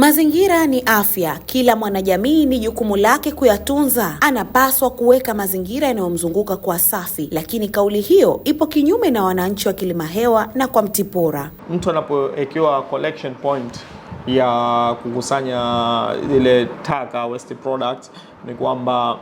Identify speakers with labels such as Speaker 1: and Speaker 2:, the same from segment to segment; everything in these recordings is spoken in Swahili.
Speaker 1: Mazingira ni afya. Kila mwanajamii ni jukumu lake kuyatunza. Anapaswa kuweka mazingira yanayomzunguka kuwa safi, lakini kauli hiyo ipo kinyume na wananchi wa Kilima Hewa na kwa Mtipora.
Speaker 2: Mtu anapowekewa collection point ya kukusanya ile taka waste product, ni kwamba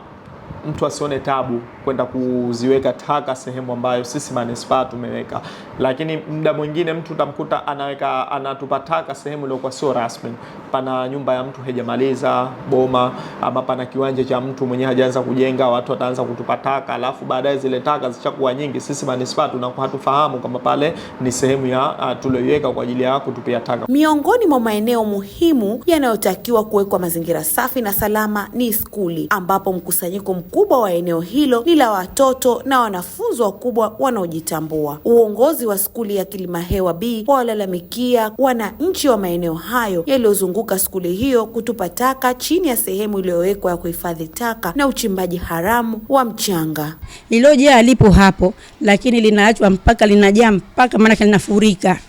Speaker 2: mtu asione tabu kwenda kuziweka taka sehemu ambayo sisi manispaa tumeweka, lakini muda mwingine mtu utamkuta anaweka anatupa taka sehemu iliyokuwa sio rasmi. Pana nyumba ya mtu hajamaliza boma, ama pana kiwanja cha mtu mwenyewe hajaanza kujenga, watu wataanza kutupa taka, alafu baadaye zile taka zishakuwa nyingi, sisi manispaa tunakuwa hatufahamu kama pale ni sehemu ya tulioiweka kwa ajili ya kutupia taka.
Speaker 1: Miongoni mwa maeneo muhimu yanayotakiwa kuwekwa mazingira safi na salama ni skuli, ambapo mkusanyiko ukubwa wa eneo hilo ni la watoto na wanafunzi wakubwa wanaojitambua. Uongozi wa skuli ya Hewa B walalamikia wananchi wa maeneo hayo yaliyozunguka skuli hiyo kutupa taka chini ya sehemu iliyowekwa ya kuhifadhi taka na uchimbaji haramu wa mchanga.
Speaker 3: Lililojaa alipo hapo, lakini linaachwa mpaka linajaa mpaka maanake linafurika.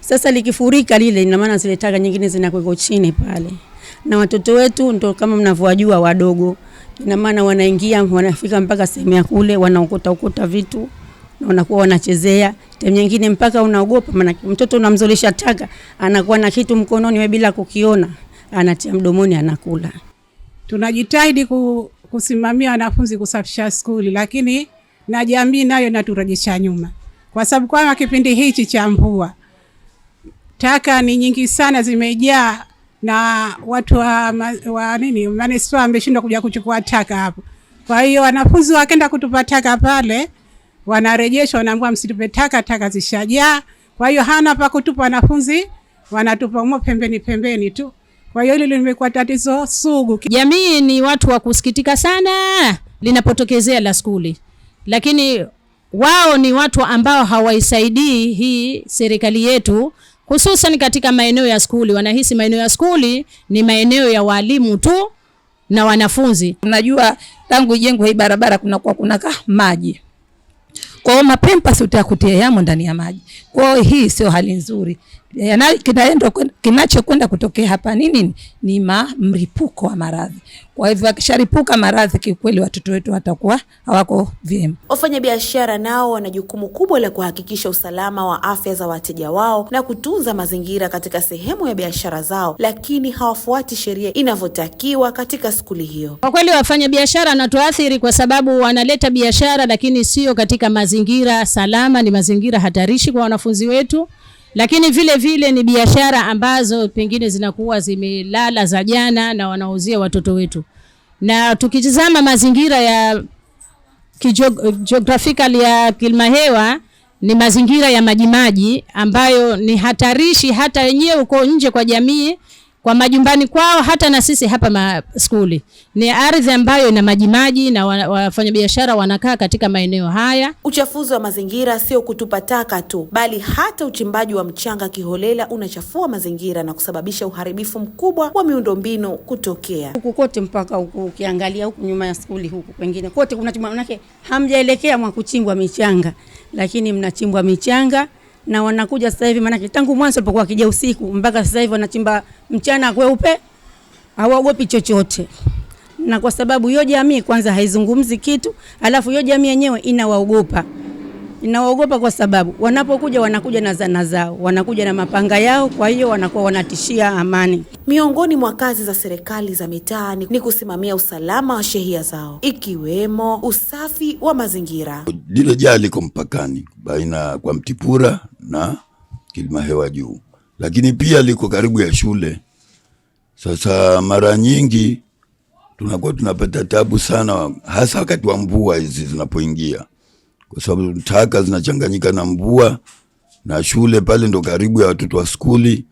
Speaker 3: Sasa likifurika lile, ina maana zile taka nyingine zinakweko chini pale, na watoto wetu ndo kama mnavyojua wadogo Ina maana wanaingia wanafika mpaka sehemu ya kule wanaokota okota vitu na wanakuwa wanachezea tem nyingine mpaka unaogopa, maana mtoto unamzolisha taka anakuwa na kitu mkononi, wewe bila kukiona anatia mdomoni anakula.
Speaker 4: Tunajitahidi kusimamia wanafunzi kusafisha skuli, lakini na jamii nayo inaturejesha nyuma, kwa sababu kwama kipindi hichi cha mvua taka ni nyingi sana, zimejaa na watu wa, wa nini manispaa wameshindwa kuja kuchukua taka hapo. Kwa hiyo wanafunzi wakaenda kutupa taka pale, wanarejeshwa, wanaambiwa msitupe taka, taka zishajaa. Kwa hiyo hana pa kutupa, wanafunzi wanatupa umo pembeni pembeni tu. Kwa hiyo hilo limekuwa tatizo sugu.
Speaker 1: Jamii ni watu wa kusikitika sana linapotokezea la skuli, lakini wao ni watu ambao hawaisaidii hii serikali yetu hususan katika maeneo ya skuli. Wanahisi maeneo ya skuli ni maeneo ya walimu tu na wanafunzi.
Speaker 3: Unajua, tangu ijengwe hii barabara kuna kunaka maji kwa hiyo si utakutia yamo ndani ya maji. Kwa hiyo hii sio hali nzuri. Kinachokwenda kutokea hapa nini? Ni mripuko wa maradhi. Kwa hivyo akisharipuka maradhi, kiukweli watoto wetu watakuwa hawako vyema.
Speaker 1: Wafanyabiashara nao wana jukumu kubwa la kuhakikisha usalama wa afya za wateja wao na kutunza mazingira katika sehemu ya biashara zao, lakini hawafuati sheria inavyotakiwa katika skuli hiyo. Kwa kweli wafanyabiashara wanatuathiri kwa sababu wanaleta biashara, lakini sio katika mazingira salama, ni mazingira hatarishi kwa wanafunzi wetu lakini vile vile ni biashara ambazo pengine zinakuwa zimelala za jana na wanauzia watoto wetu, na tukitizama mazingira ya geographical ya Kilimahewa ni mazingira ya majimaji ambayo ni hatarishi hata yenyewe uko nje kwa jamii kwa majumbani kwao, hata na sisi hapa ma skuli ni ardhi ambayo ina majimaji na wafanyabiashara wanakaa katika maeneo haya. Uchafuzi wa mazingira sio kutupa taka tu, bali hata uchimbaji wa mchanga kiholela unachafua mazingira na kusababisha uharibifu mkubwa wa miundombinu kutokea
Speaker 3: huku kote, mpaka huku ukiangalia huku nyuma ya skuli huku kwengine kote kuna manake hamjaelekea mwa kuchimbwa michanga, lakini mnachimbwa michanga na wanakuja sasa hivi, maana tangu mwanzo walipokuwa wakija usiku mpaka sasa hivi wanachimba mchana kweupe, hawaogopi chochote. Na kwa sababu hiyo jamii kwanza haizungumzi kitu, alafu hiyo jamii yenyewe inawaogopa. Ninawaogopa kwa sababu wanapokuja wanakuja na zana zao, wanakuja na mapanga yao, kwa hiyo wanakuwa wanatishia amani.
Speaker 1: Miongoni mwa kazi za serikali za mitaa ni kusimamia usalama wa shehia zao, ikiwemo usafi wa mazingira.
Speaker 5: Lile jaa liko mpakani baina kwa Mtipura na Kilimahewa juu, lakini pia liko karibu ya shule. Sasa mara nyingi tunakuwa tunapata tabu sana, hasa wakati wa mvua hizi zinapoingia kwa sababu taka zinachanganyika na mvua na shule pale ndo karibu ya watoto wa skuli.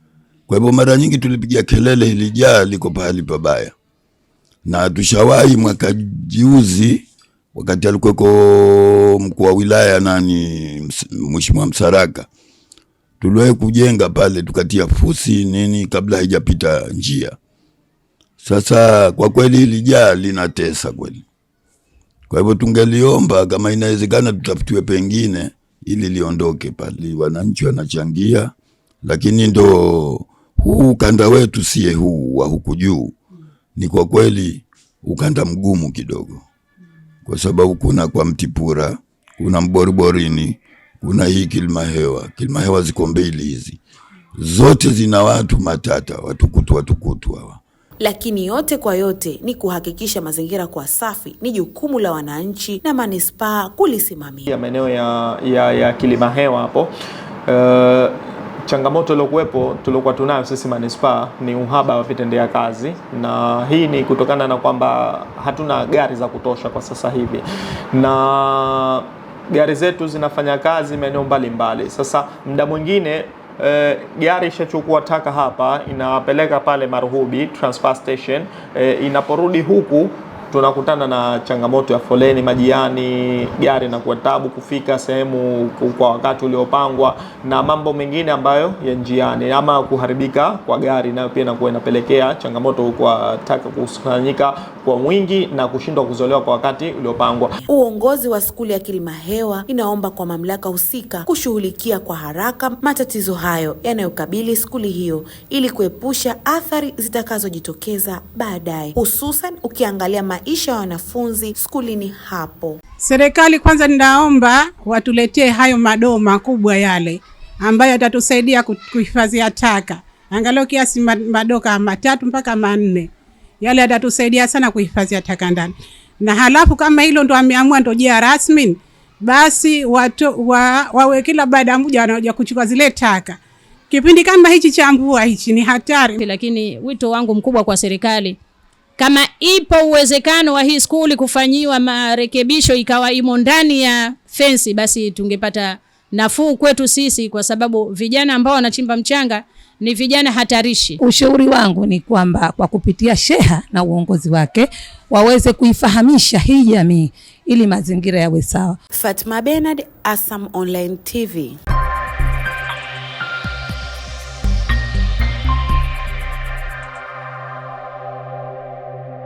Speaker 5: Kwa hivyo mara nyingi tulipiga kelele, hili jaa liko pahali pabaya, na tushawahi mwaka juzi wakati alikuweko mkuu wa wilaya nani, mheshimiwa Msaraka, tuliwahi kujenga pale tukatia fusi nini kabla haijapita njia. Sasa kwa kweli hili jaa linatesa kweli. Kwa hivyo tungeliomba kama inawezekana, tutafutiwe pengine ili liondoke pale. Wananchi wanachangia, lakini ndo huu ukanda wetu sie huu wa huku juu, ni kwa kweli ukanda mgumu kidogo, kwa sababu kuna kwa Mtipura, kuna Mboriborini, kuna hii Kilimahewa. Kilimahewa ziko mbili hizi zote zina watu matata, watukutu watukutu hawa
Speaker 1: lakini yote kwa yote ni kuhakikisha mazingira kwa safi ni jukumu la wananchi na manispaa kulisimamia. Maeneo ya, ya, ya kilima hewa hapo uh,
Speaker 2: changamoto iliokuwepo tuliokuwa tunayo sisi manispaa ni uhaba wa vitendea kazi, na hii ni kutokana na kwamba hatuna gari za kutosha kwa sasa hivi na gari zetu zinafanya kazi maeneo mbalimbali. Sasa muda mwingine e, gari ishachukua taka hapa inawapeleka pale Maruhubi transfer station e, inaporudi huku tunakutana na changamoto ya foleni majiani, gari na kuatabu tabu kufika sehemu kwa wakati uliopangwa, na mambo mengine ambayo ya njiani, ama kuharibika kwa gari, nayo pia inakuwa inapelekea changamoto kwa taka kusanyika kwa mwingi na kushindwa kuzolewa kwa wakati uliopangwa.
Speaker 1: Uongozi wa skuli ya Kilimahewa inaomba kwa mamlaka husika kushughulikia kwa haraka matatizo hayo yanayokabili skuli hiyo ili kuepusha athari zitakazojitokeza baadaye, hususan ukiangalia ma maisha ya wanafunzi skulini hapo.
Speaker 4: Serikali kwanza, ninaomba watuletee hayo madoo makubwa yale ambayo yatatusaidia kuhifadhia taka, angalau kiasi madoo kama matatu mpaka manne, yale yatatusaidia sana kuhifadhia taka ndani. Na halafu kama hilo ndo ameamua ndo jia rasmi, basi watu wa, wawe kila baada ya muda wanakuja kuchukua zile taka kipindi kama hichi cha mvua hichi ni hatari,
Speaker 1: lakini wito wangu mkubwa kwa serikali kama ipo uwezekano wa hii skuli kufanyiwa marekebisho ikawa imo ndani ya fensi, basi tungepata nafuu kwetu sisi, kwa sababu vijana ambao wanachimba mchanga ni vijana hatarishi.
Speaker 3: Ushauri wangu ni kwamba kwa kupitia sheha na uongozi wake waweze kuifahamisha hii jamii ili mazingira yawe sawa.
Speaker 6: Fatma Bernard, Asam Online TV.